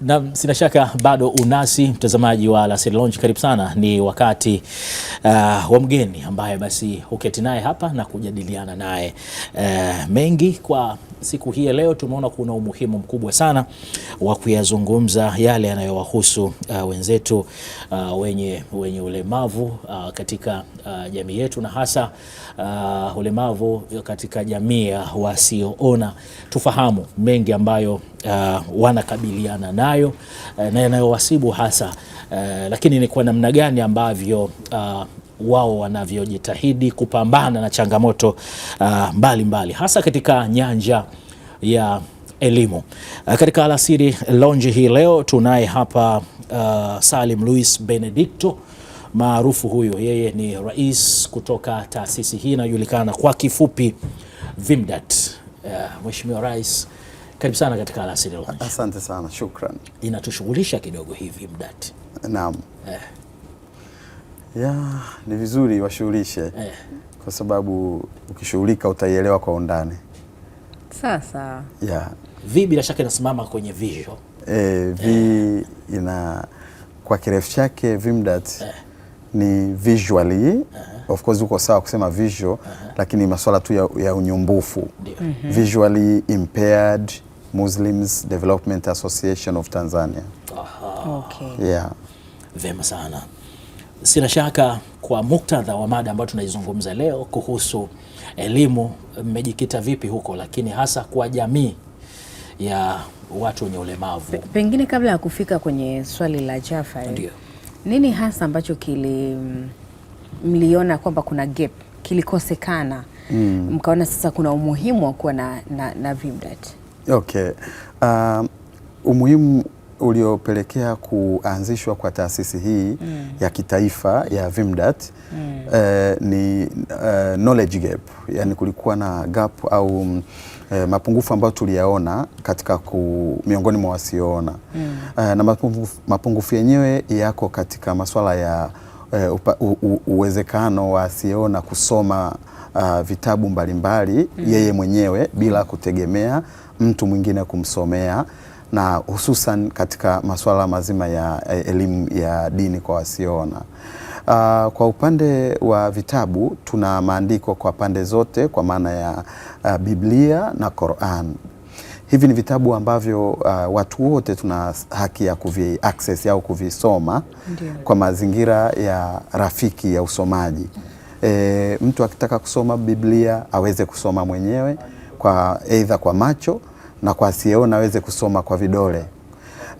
Na sina shaka bado unasi mtazamaji wa Alasiri Lounge, karibu sana. Ni wakati uh, wa mgeni ambaye basi huketi naye hapa na kujadiliana naye uh, mengi kwa siku hii ya leo tumeona kuna umuhimu mkubwa sana wa kuyazungumza yale yanayowahusu uh, wenzetu uh, wenye, wenye ulemavu uh, katika uh, jamii yetu na hasa uh, ulemavu katika jamii ya wasioona. Tufahamu mengi ambayo uh, wanakabiliana nayo uh, na yanayowasibu hasa uh, lakini ni kwa namna gani ambavyo uh, wao wanavyojitahidi kupambana na changamoto ah, mbalimbali uh, mbali, hasa katika nyanja ya elimu. Uh, katika Alasiri Lounge hii leo tunaye hapa uh, Salim Luis Benedicto maarufu huyu, yeye ni rais kutoka taasisi hii inayojulikana kwa kifupi VIMDAT. Uh, Mheshimiwa Rais, karibu sana katika Alasiri Lounge. Asante sana, shukran. Inatushughulisha kidogo hii VIMDAT. Naam. Eh. Ya, ni vizuri washughulishe eh, kwa sababu ukishughulika utaielewa kwa undani. Sasa ya vi bila shaka inasimama kwenye visual E, eh, vi eh, ina kwa kirefu chake vimdat eh, ni visually eh, of course uko sawa kusema visual eh, lakini masuala tu ya, ya unyumbufu mm Visually impaired Muslims Development Association of Tanzania. Aha. Okay. Yeah. Vema sana. Sina shaka kwa muktadha wa mada ambayo tunaizungumza leo kuhusu elimu, mmejikita vipi huko, lakini hasa kwa jamii ya watu wenye ulemavu. Pengine kabla ya kufika kwenye swali la Jaffa, nini hasa ambacho kili mm, mliona kwamba kuna gap kilikosekana, mm. mkaona sasa kuna umuhimu wa kuwa na, na, na VIMDAT? Okay. Um, umuhimu uliopelekea kuanzishwa kwa taasisi hii mm. ya kitaifa ya VIMDAT mm. uh, ni uh, knowledge gap, yani kulikuwa na gap au uh, mapungufu ambayo tuliyaona katika ku, miongoni mwa wasioona mm. uh, na mapungufu, mapungufu yenyewe yako katika masuala ya uh, upa, u, u, uwezekano wa asiyeona kusoma Uh, vitabu mbalimbali mbali, mm. yeye mwenyewe bila kutegemea mtu mwingine kumsomea na hususan katika masuala mazima ya elimu ya dini kwa wasioona. Uh, kwa upande wa vitabu tuna maandiko kwa pande zote kwa maana ya uh, Biblia na Qur'an. Hivi ni vitabu ambavyo uh, watu wote tuna haki ya kuvi access au kuvisoma kwa mazingira ya rafiki ya usomaji. E, mtu akitaka kusoma Biblia aweze kusoma mwenyewe kwa aidha kwa macho na kwa asiyeona aweze kusoma kwa vidole,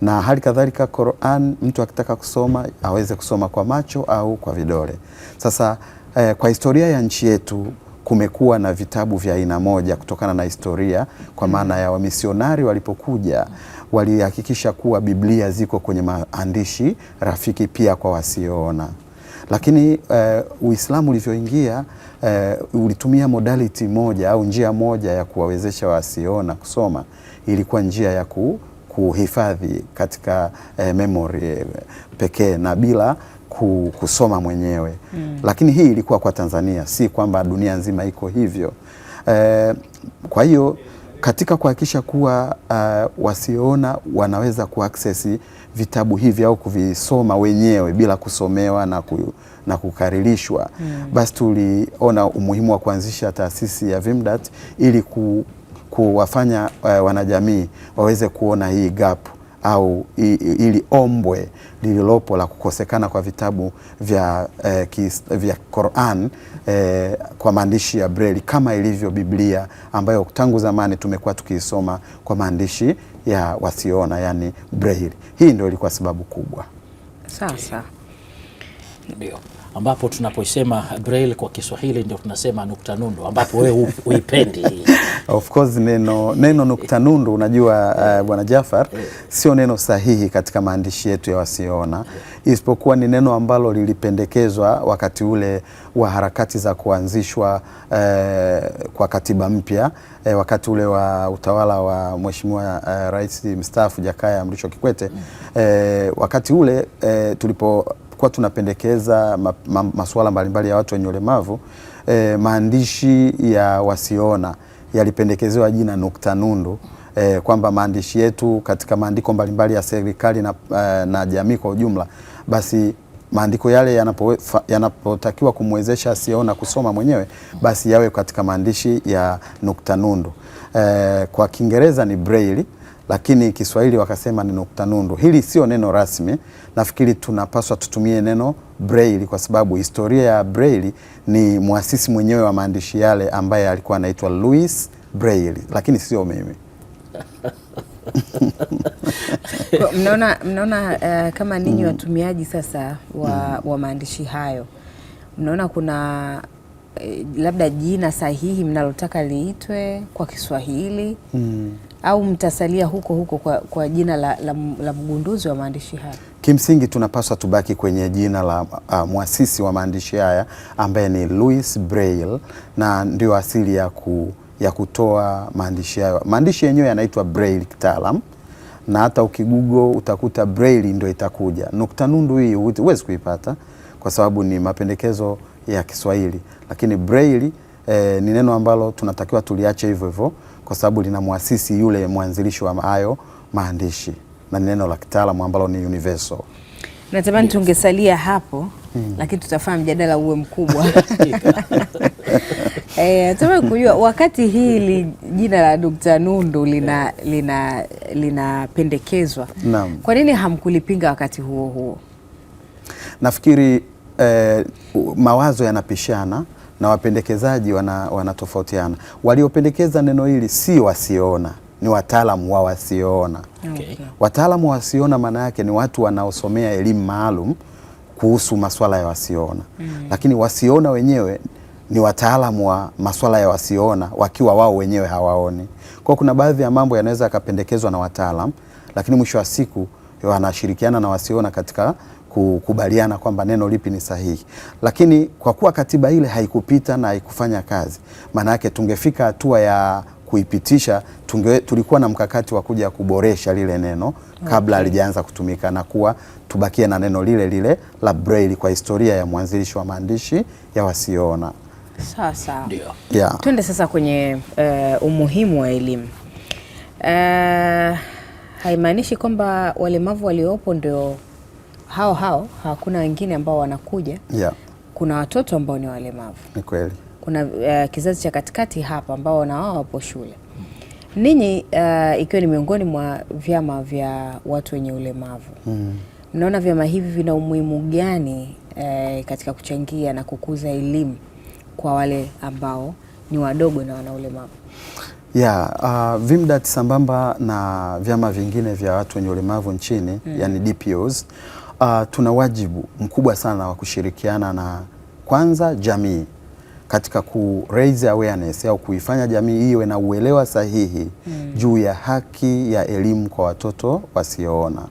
na hali kadhalika Qur'an, mtu akitaka kusoma aweze kusoma kwa macho au kwa vidole. Sasa eh, kwa historia ya nchi yetu kumekuwa na vitabu vya aina moja kutokana na historia, kwa mm. maana ya wamisionari walipokuja walihakikisha kuwa Biblia ziko kwenye maandishi rafiki pia kwa wasioona lakini uh, Uislamu ulivyoingia uh, ulitumia modality moja au njia moja ya kuwawezesha wasiona kusoma, ilikuwa njia ya ku, kuhifadhi katika uh, memory pekee na bila kusoma mwenyewe mm. Lakini hii ilikuwa kwa Tanzania, si kwamba dunia nzima iko hivyo uh, kwa hiyo katika kuhakikisha kuwa uh, wasiona wanaweza kuaccess vitabu hivi au kuvisoma wenyewe bila kusomewa na, ku, na kukaririshwa mm. Basi tuliona umuhimu wa kuanzisha taasisi ya VIMDAT ili ku, kuwafanya uh, wanajamii waweze kuona hii gap au ili ombwe lililopo la kukosekana kwa vitabu vya, eh, kis, vya Qur'an eh, kwa maandishi ya breli kama ilivyo Biblia ambayo tangu zamani tumekuwa tukiisoma kwa maandishi ya wasioona, yani braille. Hii ndio ilikuwa sababu kubwa. Sasa ndio ambapo tunapoisema braille kwa Kiswahili ndio tunasema nukta nundu, ambapo wewe uipendi of course neno, neno nukta nundu unajua, uh, bwana Jafar eh. sio neno sahihi katika maandishi yetu ya wasioona, eh. isipokuwa ni neno ambalo lilipendekezwa wakati ule wa harakati za kuanzishwa uh, kwa katiba mpya uh, wakati ule wa utawala wa mheshimiwa uh, rais mstaafu Jakaya Mrisho Kikwete uh, wakati ule uh, tulipo tulikuwa tunapendekeza ma, ma, masuala mbalimbali ya watu wenye ulemavu e, maandishi ya wasiona yalipendekezewa jina nukta nundu e, kwamba maandishi yetu katika maandiko mbalimbali ya serikali na, eh, na jamii kwa ujumla basi maandiko yale yanapotakiwa yanapo kumwezesha asiona kusoma mwenyewe basi yawe katika maandishi ya nukta nundu. E, kwa Kiingereza ni braille lakini Kiswahili wakasema ni nukta nundu. Hili sio neno rasmi, nafikiri tunapaswa tutumie neno braille, kwa sababu historia ya braille ni mwasisi mwenyewe wa maandishi yale ambaye alikuwa anaitwa Louis Braille, lakini sio mimi. Mnaona, mnaona uh, kama ninyi mm. watumiaji sasa wa, mm. wa maandishi hayo mnaona kuna eh, labda jina sahihi mnalotaka liitwe kwa Kiswahili mm au mtasalia huko huko kwa, kwa jina la, la, la mgunduzi wa maandishi haya? Kimsingi tunapaswa tubaki kwenye jina la uh, mwasisi wa maandishi haya ambaye ni Louis Braille na ndio asili ya, ku, ya kutoa maandishi hayo. Maandishi yenyewe yanaitwa Braille kitaalam na hata ukigugo utakuta Braille ndio itakuja. Nukta nundu hii huwezi kuipata kwa sababu ni mapendekezo ya Kiswahili, lakini Braille e, ni neno ambalo tunatakiwa tuliache hivyo hivyo kwa sababu lina mwasisi yule mwanzilishi wa hayo maandishi na ni neno la kitaalamu ambalo ni universal. Natamani tungesalia hapo hmm, lakini tutafanya mjadala uwe mkubwa. E, kujua wakati hili jina la Dr. Nundu lina lina linapendekezwa, lina kwa nini hamkulipinga wakati huo huo? Nafikiri eh, mawazo yanapishana na wapendekezaji wanatofautiana. Wana waliopendekeza neno hili si wasioona, ni wataalamu wa wasioona. Okay. Wataalamu wa wasioona maana yake ni watu wanaosomea elimu maalum kuhusu masuala ya wasioona. Mm. Lakini wasioona wenyewe ni wataalamu wa masuala ya wasioona wakiwa wao wenyewe hawaoni. Kwa kuna baadhi ya mambo yanaweza yakapendekezwa na wataalamu, lakini mwisho wa siku wanashirikiana na wasioona katika kukubaliana kwamba neno lipi ni sahihi, lakini kwa kuwa katiba ile haikupita na haikufanya kazi, maana yake tungefika hatua ya kuipitisha tunge, tulikuwa na mkakati wa kuja kuboresha lile neno kabla halijaanza okay, kutumika na kuwa tubakie na neno lile lile la Braille kwa historia ya mwanzilishi wa maandishi ya wasioona. Sasa yeah, twende sasa kwenye uh, umuhimu wa elimu uh, haimaanishi kwamba walemavu waliopo ndio hao hao hakuna wengine ambao wanakuja yeah. Kuna watoto ambao ni walemavu, ni kweli. Kuna uh, kizazi cha katikati hapa ambao na wao wapo shule. Ninyi uh, ikiwa ni miongoni mwa vyama vya watu wenye ulemavu hmm. mnaona vyama hivi vina umuhimu gani uh, katika kuchangia na kukuza elimu kwa wale ambao ni wadogo na wana ulemavu? Yeah, uh, VIMDAT sambamba na vyama vingine vya watu wenye ulemavu nchini mm. yani DPOs Uh, tuna wajibu mkubwa sana wa kushirikiana na kwanza jamii katika ku raise awareness au kuifanya jamii iwe na uelewa sahihi mm. juu ya haki ya elimu kwa watoto wasioona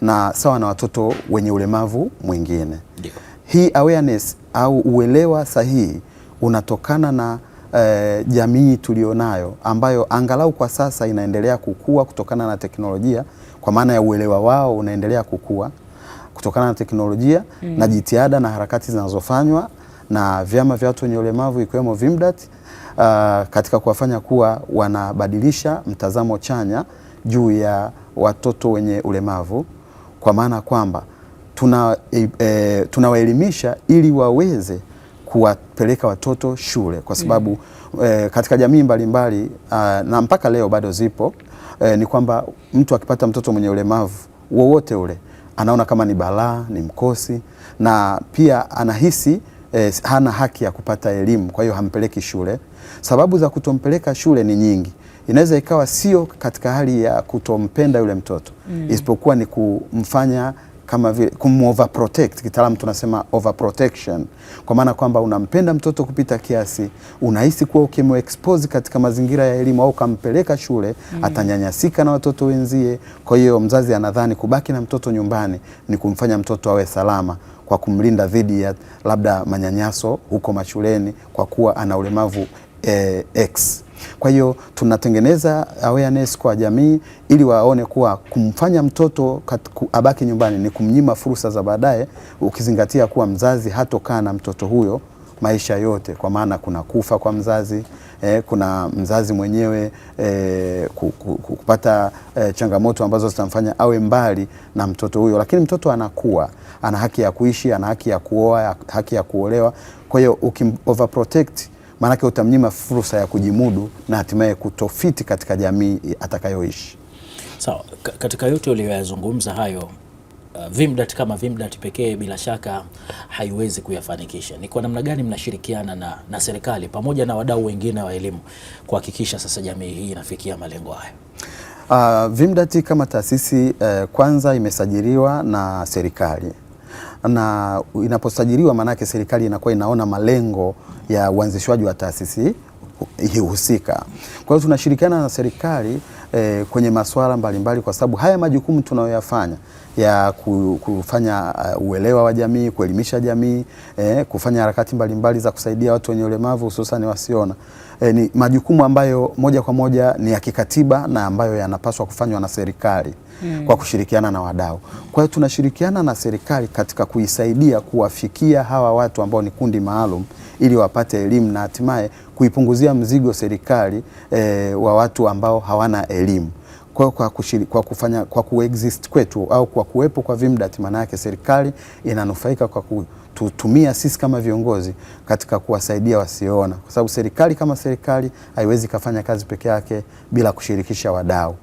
Na sawa na watoto wenye ulemavu mwingine yeah. Hii awareness au uelewa sahihi unatokana na eh, jamii tulionayo ambayo angalau kwa sasa inaendelea kukua kutokana na teknolojia kwa maana ya uelewa wao unaendelea kukua kutokana na teknolojia mm. na jitihada na harakati zinazofanywa na vyama vya watu wenye ulemavu ikiwemo VIMDAT uh, katika kuwafanya kuwa wanabadilisha mtazamo chanya juu ya watoto wenye ulemavu kwa maana kwamba tuna e, e, tunawaelimisha ili waweze kuwapeleka watoto shule kwa sababu mm. e, katika jamii mbalimbali mbali, ah, na mpaka leo bado zipo e, ni kwamba mtu akipata mtoto mwenye ulemavu wowote ule anaona kama ni balaa, ni mkosi na pia anahisi e, hana haki ya kupata elimu, kwa hiyo hampeleki shule. Sababu za kutompeleka shule ni nyingi. Inaweza ikawa sio katika hali ya kutompenda yule mtoto mm. isipokuwa ni kumfanya kama vile kumoverprotect, kitaalamu tunasema overprotection, kwa maana kwamba unampenda mtoto kupita kiasi, unahisi kuwa ukimexpose katika mazingira ya elimu au ukampeleka shule mm. atanyanyasika na watoto wenzie. Kwa hiyo mzazi anadhani kubaki na mtoto nyumbani ni kumfanya mtoto awe salama kwa kumlinda dhidi ya labda manyanyaso huko mashuleni kwa kuwa ana ulemavu eh, X kwa hiyo tunatengeneza awareness kwa jamii ili waone kuwa kumfanya mtoto abaki nyumbani ni kumnyima fursa za baadaye, ukizingatia kuwa mzazi hatokaa na mtoto huyo maisha yote, kwa maana kuna kufa kwa mzazi eh, kuna mzazi mwenyewe eh, kupata eh, changamoto ambazo zitamfanya awe mbali na mtoto huyo, lakini mtoto anakuwa, ana haki ya kuishi, ana haki ya kuoa, haki ya kuolewa. Kwa hiyo ukim overprotect maanake utamnyima fursa ya kujimudu na hatimaye kutofiti katika jamii atakayoishi. Sawa, so, katika yote uliyoyazungumza hayo uh, Vimdat kama Vimdat pekee bila shaka haiwezi kuyafanikisha. Ni kwa namna gani mnashirikiana na, na serikali pamoja na wadau wengine wa elimu kuhakikisha sasa jamii hii inafikia malengo hayo? Uh, VMDAT kama taasisi uh, kwanza imesajiliwa na serikali na inaposajiliwa, maanake serikali inakuwa inaona malengo ya uanzishwaji wa taasisi husika. Kwa hiyo tunashirikiana na serikali eh, kwenye masuala mbalimbali, kwa sababu haya majukumu tunayoyafanya ya kufanya uh, uelewa wa jamii, kuelimisha jamii eh, kufanya harakati mbalimbali za kusaidia watu wenye ulemavu hususan wasiona. Eh, ni majukumu ambayo moja kwa moja ni ya kikatiba na ambayo yanapaswa kufanywa na serikali hmm, kwa kushirikiana na wadau. Kwa hiyo tunashirikiana na serikali katika kuisaidia kuwafikia hawa watu ambao ni kundi maalum ili wapate elimu na hatimaye kuipunguzia mzigo serikali eh, wa watu ambao hawana elimu. Kwa, kwa, kushiri, kwa kufanya kwa kuexist kwetu au kwa kuwepo kwa VIMDAT, maana yake serikali inanufaika kwa kututumia sisi kama viongozi katika kuwasaidia wasioona, kwa sababu serikali kama serikali haiwezi kafanya kazi peke yake bila kushirikisha wadau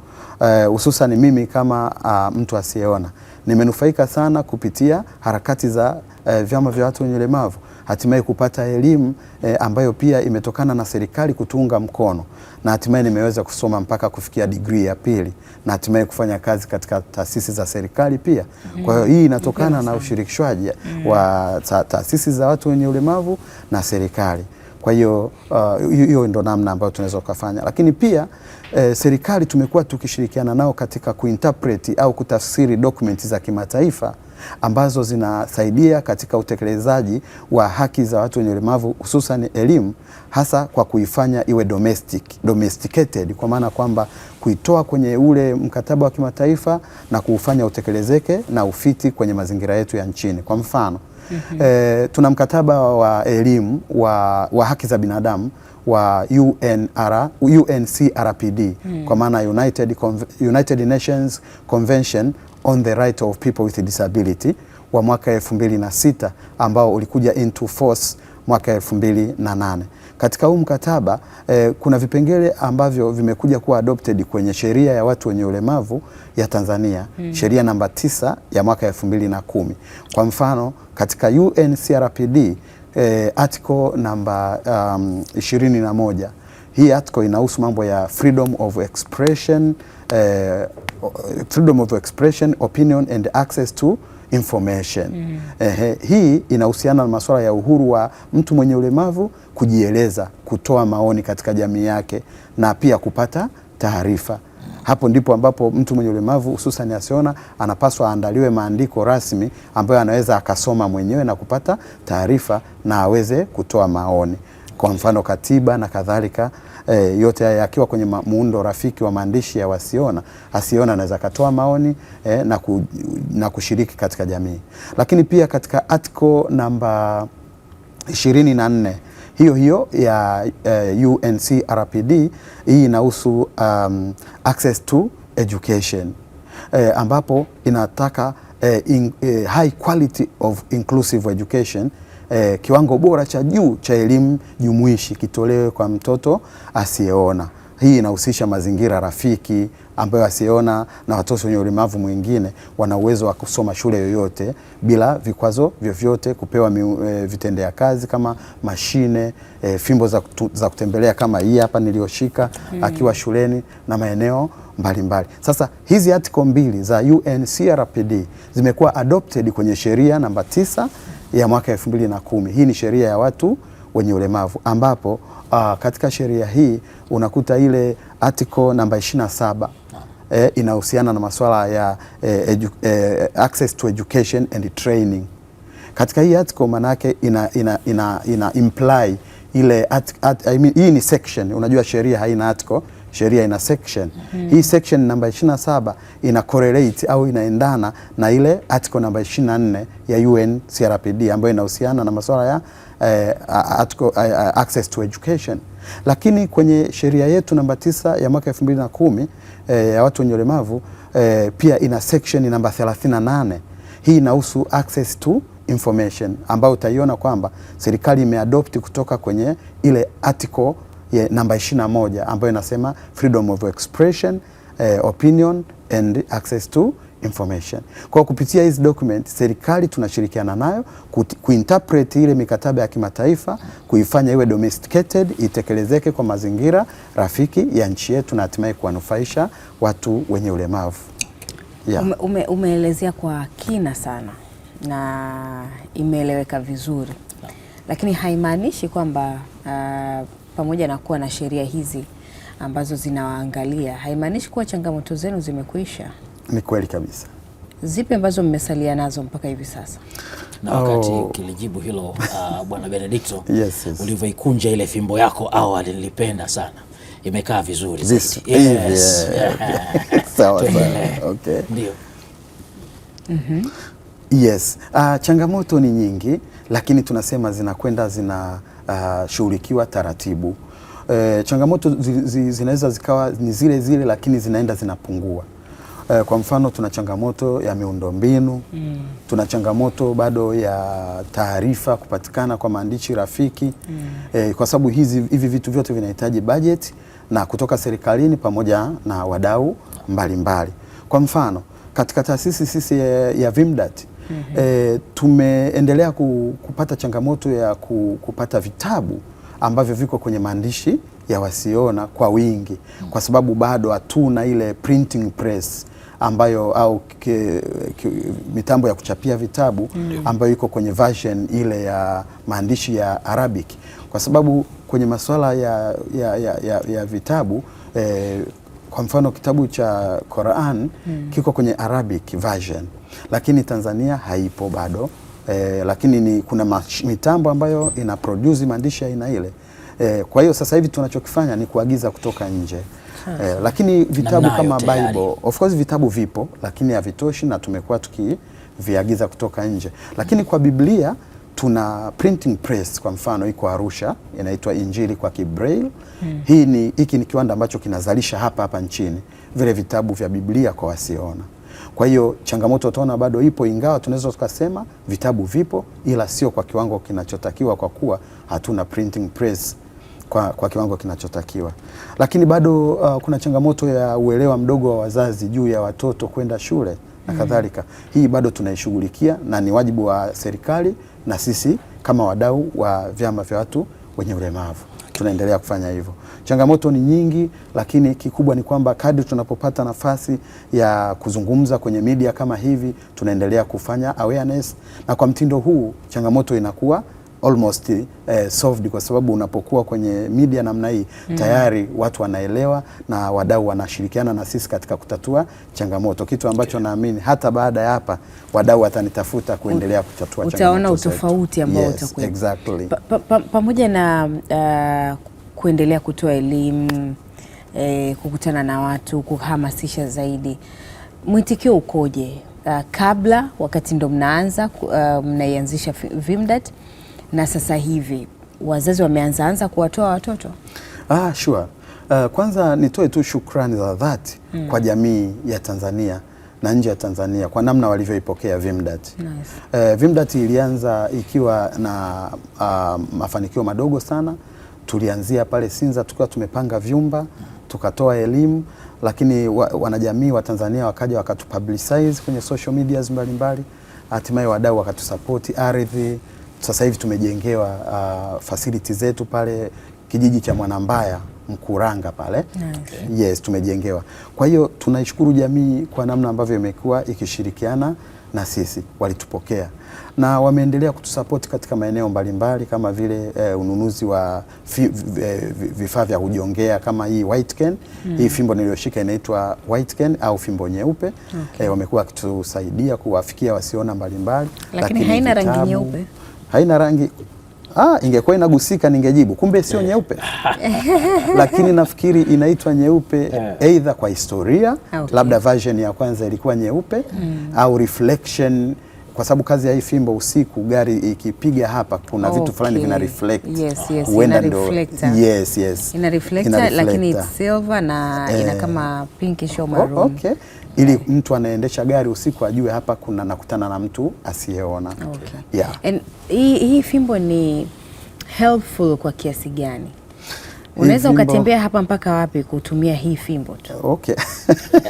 eh, hususan uh, mimi kama uh, mtu asiyeona nimenufaika sana kupitia harakati za uh, vyama vya watu wenye ulemavu hatimaye kupata elimu e, ambayo pia imetokana na serikali kutunga mkono, na hatimaye nimeweza kusoma mpaka kufikia digrii ya pili na hatimaye kufanya kazi katika taasisi za serikali pia. Kwa hiyo hii inatokana na ushirikishwaji wa ta taasisi za watu wenye ulemavu na serikali. Kwa hiyo uh, hiyo uh, ndio namna ambayo tunaweza kufanya, lakini pia eh, serikali tumekuwa tukishirikiana nao katika kuinterpret au kutafsiri dokumenti za kimataifa ambazo zinasaidia katika utekelezaji wa haki za watu wenye ulemavu hususan elimu, hasa kwa kuifanya iwe domestic, domesticated kwa maana kwamba kuitoa kwenye ule mkataba wa kimataifa na kuufanya utekelezeke na ufiti kwenye mazingira yetu ya nchini. Kwa mfano mm -hmm. E, tuna mkataba wa elimu wa, wa haki za binadamu wa UNR, UNCRPD mm. kwa maana United, United Nations Convention on the right of people with disability wa mwaka 2006 ambao ulikuja into force mwaka 2008. Katika huu mkataba eh, kuna vipengele ambavyo vimekuja kuwa adopted kwenye sheria ya watu wenye ulemavu ya Tanzania hmm. Sheria namba tisa ya mwaka 2010. Kwa mfano katika UNCRPD eh, article namba um, 21. Hii article inahusu mambo ya freedom of expression uh, freedom of expression, opinion and access to information. Mm -hmm. Ehe, hii inahusiana na masuala ya uhuru wa mtu mwenye ulemavu kujieleza, kutoa maoni katika jamii yake na pia kupata taarifa. Hapo ndipo ambapo mtu mwenye ulemavu hususan asiona anapaswa aandaliwe maandiko rasmi ambayo anaweza akasoma mwenyewe na kupata taarifa na aweze kutoa maoni, kwa mfano katiba na kadhalika e, yote haya akiwa kwenye muundo rafiki wa maandishi ya wasiona, asiona anaweza akatoa maoni e, na, ku, na kushiriki katika jamii. Lakini pia katika article namba 24 hiyo hiyo ya uh, eh, UNCRPD hii inahusu um, access to education eh, ambapo inataka eh, in, eh, high quality of inclusive education eh, kiwango bora cha juu cha elimu jumuishi kitolewe kwa mtoto asiyeona. Hii inahusisha mazingira rafiki ambayo asiyeona na watoto wenye ulemavu mwingine wana uwezo wa kusoma shule yoyote bila vikwazo vyovyote, kupewa e, vitendea kazi kama mashine e, fimbo za, kutu, za kutembelea kama hii hapa niliyoshika mm, akiwa shuleni na maeneo mbalimbali. Sasa hizi article mbili za UNCRPD zimekuwa adopted kwenye sheria namba tisa ya mwaka elfu mbili na kumi. Hii ni sheria ya watu wenye ulemavu ambapo uh, katika sheria hii unakuta ile article namba 27 eh, inahusiana na masuala ya eh, edu, eh, access to education and training. Katika hii article yake ina, ina, ina, ina imply ile at, at, I mean, hii ni section. Unajua sheria haina article sheria ina section mm -hmm. Hii section namba 27 ina correlate au inaendana na ile article namba 24 ya UN CRPD ambayo inahusiana na masuala ya eh, article, eh, access to education, lakini kwenye sheria yetu namba tisa ya mwaka 2010 eh, ya watu wenye ulemavu eh, pia ina section namba 38 hii inahusu access to information ambayo utaiona kwamba serikali imeadopti kutoka kwenye ile article ya namba 21 ambayo inasema freedom of expression, eh, opinion and access to information. Kwa kupitia hizi document serikali tunashirikiana nayo kuinterpret ile mikataba ya kimataifa kuifanya iwe domesticated, itekelezeke kwa mazingira rafiki ya nchi yetu na hatimaye kuwanufaisha watu wenye ulemavu. Yeah. Ume, umeelezea kwa kina sana na imeeleweka vizuri, lakini haimaanishi kwamba uh, pamoja na kuwa na sheria hizi ambazo zinawaangalia, haimaanishi kuwa changamoto zenu zimekwisha. Ni kweli kabisa. Zipi ambazo mmesalia nazo mpaka hivi sasa? Na wakati oh, kilijibu hilo uh, Bwana Benedicto yes, yes, ulivyoikunja ile fimbo yako awali nilipenda sana, imekaa vizuri. Yes. Yeah. sawa sawa. Okay. Ndio. mm -hmm. Yes. Uh, changamoto ni nyingi, lakini tunasema zinakwenda zina uh, shughulikiwa taratibu. E, changamoto zi, zi, zinaweza zikawa ni zile zile lakini zinaenda zinapungua. E, kwa mfano tuna changamoto ya miundombinu mm. Tuna changamoto bado ya taarifa kupatikana kwa maandishi rafiki mm. E, kwa sababu hizi hivi vitu vyote vinahitaji bajeti na kutoka serikalini pamoja na wadau mbalimbali. Kwa mfano katika taasisi sisi ya, ya mm mm -hmm. E, tumeendelea kupata changamoto ya kupata vitabu ambavyo viko kwenye maandishi ya wasiona kwa wingi mm -hmm. kwa sababu bado hatuna ile printing press ambayo au ke, ke, mitambo ya kuchapia vitabu ambayo iko kwenye version ile ya maandishi ya Arabic, kwa sababu kwenye masuala ya, ya, ya, ya, ya vitabu eh, kwa mfano kitabu cha Quran mm. kiko kwenye Arabic version lakini Tanzania haipo bado e, lakini ni, kuna mitambo ambayo ina produce maandishi aina ile e, kwa hiyo sasa hivi tunachokifanya ni kuagiza kutoka nje. e, lakini vitabu na kama tayari. Bible, of course vitabu vipo lakini havitoshi na tumekuwa tukiviagiza kutoka nje, lakini mm. kwa Biblia tuna printing press kwa mfano iko Arusha inaitwa Injili kwa Kibrail Hmm. hii ni hiki ni kiwanda ambacho kinazalisha hapa hapa nchini vile vitabu vya Biblia kwa wasiona kwa hiyo changamoto utaona bado ipo, ingawa tunaweza tukasema vitabu vipo, ila sio kwa kiwango kinachotakiwa, kwa kuwa hatuna printing press kwa, kwa kiwango kinachotakiwa. Lakini bado uh, kuna changamoto ya uelewa mdogo wa wazazi juu ya watoto kwenda shule na mm. kadhalika. Hii bado tunaishughulikia na ni wajibu wa serikali na sisi kama wadau wa vyama vya watu wenye ulemavu tunaendelea kufanya hivyo. Changamoto ni nyingi, lakini kikubwa ni kwamba kadri tunapopata nafasi ya kuzungumza kwenye media kama hivi, tunaendelea kufanya awareness, na kwa mtindo huu changamoto inakuwa almost eh, solved kwa sababu unapokuwa kwenye media namna hii mm. tayari watu wanaelewa na wadau wanashirikiana na sisi katika kutatua changamoto, kitu ambacho okay. naamini hata baada ya hapa wadau watanitafuta kuendelea kutatua changamoto. Utaona utofauti ambao yes, utakuwa exactly. pamoja pa, pa, na uh, kuendelea kutoa elimu eh, kukutana na watu, kuhamasisha zaidi, mwitikio ukoje? Uh, kabla wakati ndo mnaanza uh, mnaianzisha VMDAT na sasa hivi wazazi wameanzaanza kuwatoa watoto? Ah, sure. Uh, kwanza nitoe tu shukrani za dhati mm. kwa jamii ya Tanzania na nje ya Tanzania kwa namna walivyoipokea VMDAT. Nice. Uh, eh, VMDAT ilianza ikiwa na uh, mafanikio madogo sana tulianzia pale Sinza tukiwa tumepanga vyumba tukatoa elimu, lakini wa, wanajamii wa Tanzania wakaja wakatupublicize kwenye social media mbalimbali, hatimaye wadau wakatusapoti ardhi. Sasa hivi tumejengewa uh, fasiliti zetu pale kijiji cha Mwanambaya Mkuranga pale okay. Yes, tumejengewa. Kwa hiyo tunaishukuru jamii kwa namna ambavyo imekuwa ikishirikiana na sisi walitupokea na wameendelea kutusapoti katika maeneo mbalimbali kama vile eh, ununuzi wa eh, vifaa vya kujiongea kama hii white cane mm. Hii fimbo niliyoshika inaitwa white cane au fimbo nyeupe okay. Eh, wamekuwa wakitusaidia kuwafikia wasiona mbalimbali, lakini, lakini haina vitabu, rangi nyeupe haina rangi Ah, ingekuwa inagusika ningejibu, kumbe sio yeah. nyeupe lakini nafikiri inaitwa nyeupe aidha eh. kwa historia ah, okay. Labda version ya kwanza ilikuwa nyeupe mm. au reflection kwa sababu kazi ya hii fimbo usiku, gari ikipiga hapa, kuna vitu okay. fulani vina reflect. Yes, yes, ina reflector. Yes, yes. Ina reflector, ina reflector. Lakini it's silver na eh. ina kama pinkish au oh, maroon. Oh, okay ili mtu anaendesha gari usiku ajue hapa kuna nakutana na mtu asiyeona. Okay. Yeah. And hii, hii fimbo ni helpful kwa kiasi gani? Unaweza ukatembea hapa mpaka wapi kutumia hii fimbo tu? Okay.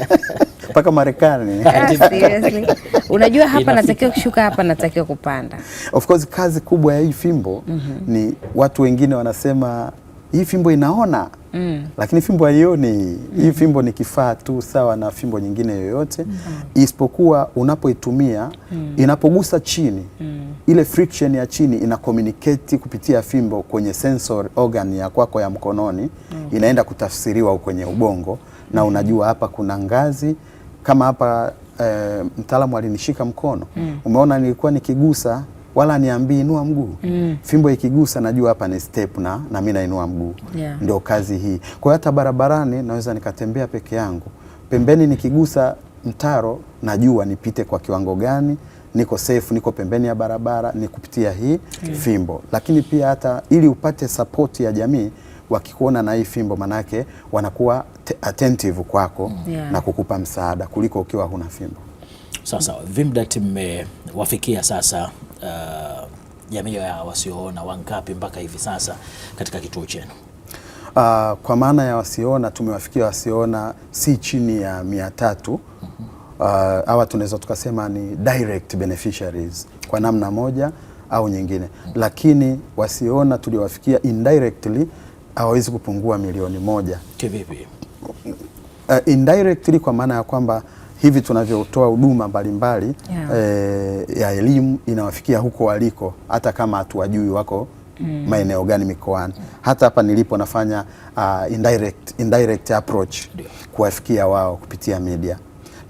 mpaka Marekani. Ah, Unajua hapa natakiwa kushuka, hapa natakiwa kupanda. Of course kazi kubwa ya hii fimbo mm -hmm. ni watu wengine wanasema hii fimbo inaona mm. lakini fimbo haioni mm. hii fimbo ni kifaa tu sawa na fimbo nyingine yoyote mm. isipokuwa unapoitumia mm. inapogusa chini mm. ile friction ya chini ina communicate kupitia fimbo kwenye sensor organ ya kwako ya mkononi okay. Mm. inaenda kutafsiriwa kwenye ubongo na mm. unajua hapa kuna ngazi kama hapa e, mtaalamu alinishika mkono mm. umeona nilikuwa nikigusa wala niambii inua mguu mm. Fimbo ikigusa najua hapa ni step na, na mimi nainua mguu yeah. Ndio kazi hii. Kwa hiyo hata barabarani naweza nikatembea peke yangu, pembeni nikigusa mtaro najua nipite kwa kiwango gani, niko safe, niko pembeni ya barabara, ni kupitia hii mm. fimbo. Lakini pia hata ili upate sapoti ya jamii wakikuona na hii fimbo manake wanakuwa attentive kwako yeah. na kukupa msaada kuliko ukiwa huna fimbo. Sasa VMDAT mmewafikia sasa Uh, jamii uh, ya wasioona wangapi mpaka hivi sasa katika kituo chenu? Uh, kwa maana ya wasioona tumewafikia wasioona si chini ya mia tatu. Mhm. Uh, awa tunaweza tukasema ni direct beneficiaries kwa namna moja au nyingine. mm -hmm. Lakini wasioona tuliowafikia indirectly hawawezi kupungua milioni moja. Kivipi? Uh, indirectly kwa maana ya kwamba hivi tunavyotoa huduma mbalimbali yeah. E, ya elimu inawafikia huko waliko hata kama hatuwajui wako mm. maeneo gani mikoani mm. hata hapa nilipo nafanya uh, indirect, indirect approach kuwafikia wao kupitia media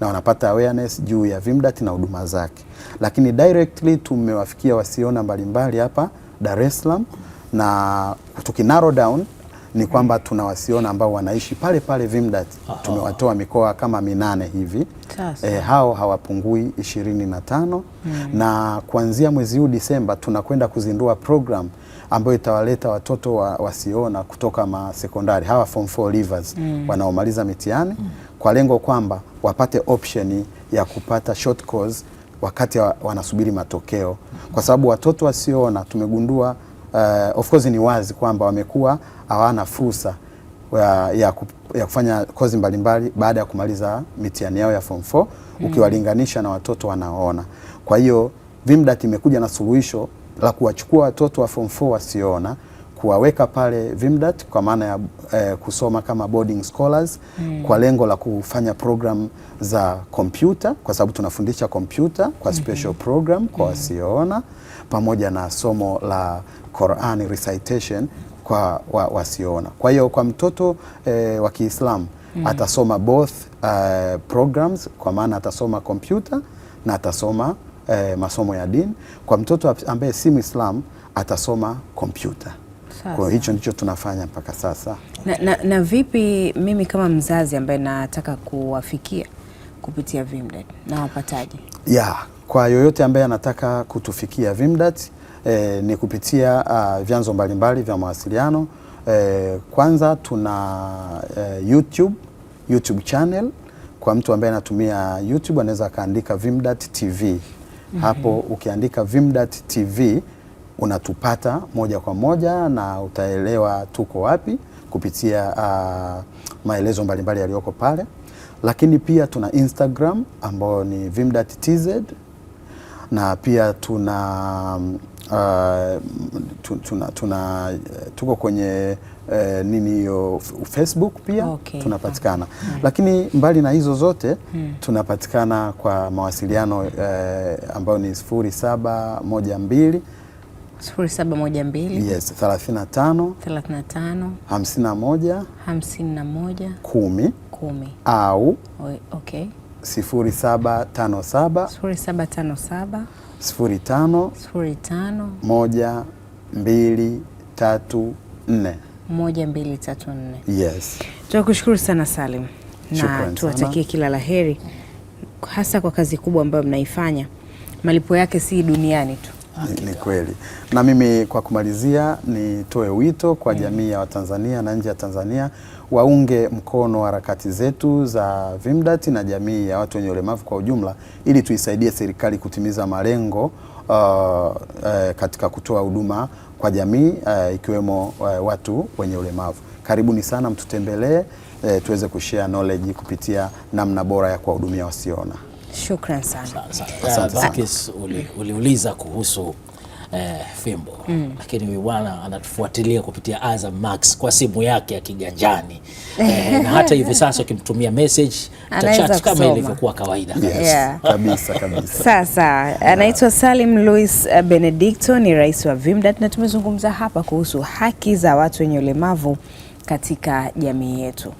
na wanapata awareness juu ya VIMDAT na huduma zake, lakini directly tumewafikia wasiona mbalimbali hapa Dar es Salaam, na tukinarrow down ni kwamba tunawasiona ambao wanaishi pale pale VMDAT. Tumewatoa mikoa kama minane hivi e, hao hawapungui ishirini na tano mm. Na kuanzia mwezi huu Disemba tunakwenda kuzindua program ambayo itawaleta watoto wa, wasiona kutoka masekondari hawa form 4 leavers mm. wanaomaliza mitihani mm. kwa lengo kwamba wapate option ya kupata short course wakati wa, wanasubiri matokeo mm. kwa sababu watoto wasioona tumegundua uh, of course ni wazi kwamba wamekuwa hawana fursa ya, ya, ya kufanya kozi mbalimbali baada ya kumaliza mitihani yao ya form 4 mm. ukiwalinganisha na watoto wanaoona. Kwa hiyo VMDAT imekuja na suluhisho la kuwachukua watoto wa form 4 wasioona kuwaweka pale VIMDAT kwa maana ya eh, kusoma kama boarding scholars mm. kwa lengo la kufanya program za kompyuta kwa sababu tunafundisha kompyuta kwa mm -hmm. special program kwa mm. wasioona pamoja na somo la Qur'an recitation kwa wa, wasioona. Kwa hiyo kwa mtoto eh, wa Kiislamu mm atasoma both uh, programs kwa maana atasoma kompyuta na atasoma eh, masomo ya dini. Kwa mtoto ambaye si Muislamu atasoma kompyuta. Kwa hiyo hicho ndicho tunafanya mpaka sasa. Na, na, na vipi mimi kama mzazi ambaye nataka kuwafikia kupitia VIMDAT na wapataji? Yeah, kwa yoyote ambaye anataka kutufikia VMDAT e, ni kupitia uh, vyanzo mbalimbali vya mawasiliano e, kwanza tuna e, YouTube, YouTube channel kwa mtu ambaye anatumia YouTube anaweza akaandika Vimdat TV mm -hmm. Hapo ukiandika Vimdat TV unatupata moja kwa moja na utaelewa tuko wapi kupitia uh, maelezo mbalimbali yaliyoko pale, lakini pia tuna Instagram ambayo ni Vimdat TZ na pia tuna Uh, tuna, tuna eh, tuko kwenye uh, nini hiyo Facebook pia okay, tunapatikana okay. Mm. Mm. Lakini mbali na hizo zote hmm, tunapatikana kwa mawasiliano uh, ambayo ni 0712 0712 yes, 35 35 51 51 10 kumi au okay, 0757 0757 sifuri tano sifuri tano moja mbili tatu nne moja mbili tatu nne. Yes, tunakushukuru sana Salim na tuwatakie kila la heri, hasa kwa kazi kubwa ambayo mnaifanya. Malipo yake si duniani tu. Ni kweli. Na mimi kwa kumalizia, nitoe wito kwa mm. jamii ya Watanzania na nje ya Tanzania waunge mkono harakati zetu za VIMDAT na jamii ya watu wenye ulemavu kwa ujumla, ili tuisaidie serikali kutimiza malengo uh, uh, katika kutoa huduma kwa jamii uh, ikiwemo uh, watu wenye ulemavu. Karibuni sana, mtutembelee uh, tuweze kushare knowledge kupitia namna bora ya kuwahudumia wasioona. Shukran sana. Uliuliza kuhusu eh, fimbo mm. Lakini huyu bwana anatufuatilia kupitia Azam Max kwa simu yake ya kiganjani eh, na hata hivi sasa ukimtumia message tachat kama ilivyokuwa kawaida yes. yeah. kabisa kabisa. Sasa anaitwa Salim Louis eh, Benedicto, ni rais wa VIMDAT na tumezungumza hapa kuhusu haki za watu wenye ulemavu katika jamii yetu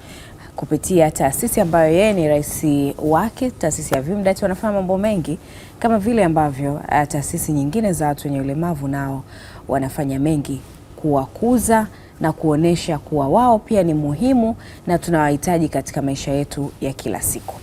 kupitia taasisi ambayo yeye ni rais wake, taasisi ya VMDAT. Wanafanya mambo mengi kama vile ambavyo eh, taasisi nyingine za watu wenye ulemavu nao wanafanya mengi kuwakuza na kuonesha kuwa wao pia ni muhimu na tunawahitaji katika maisha yetu ya kila siku.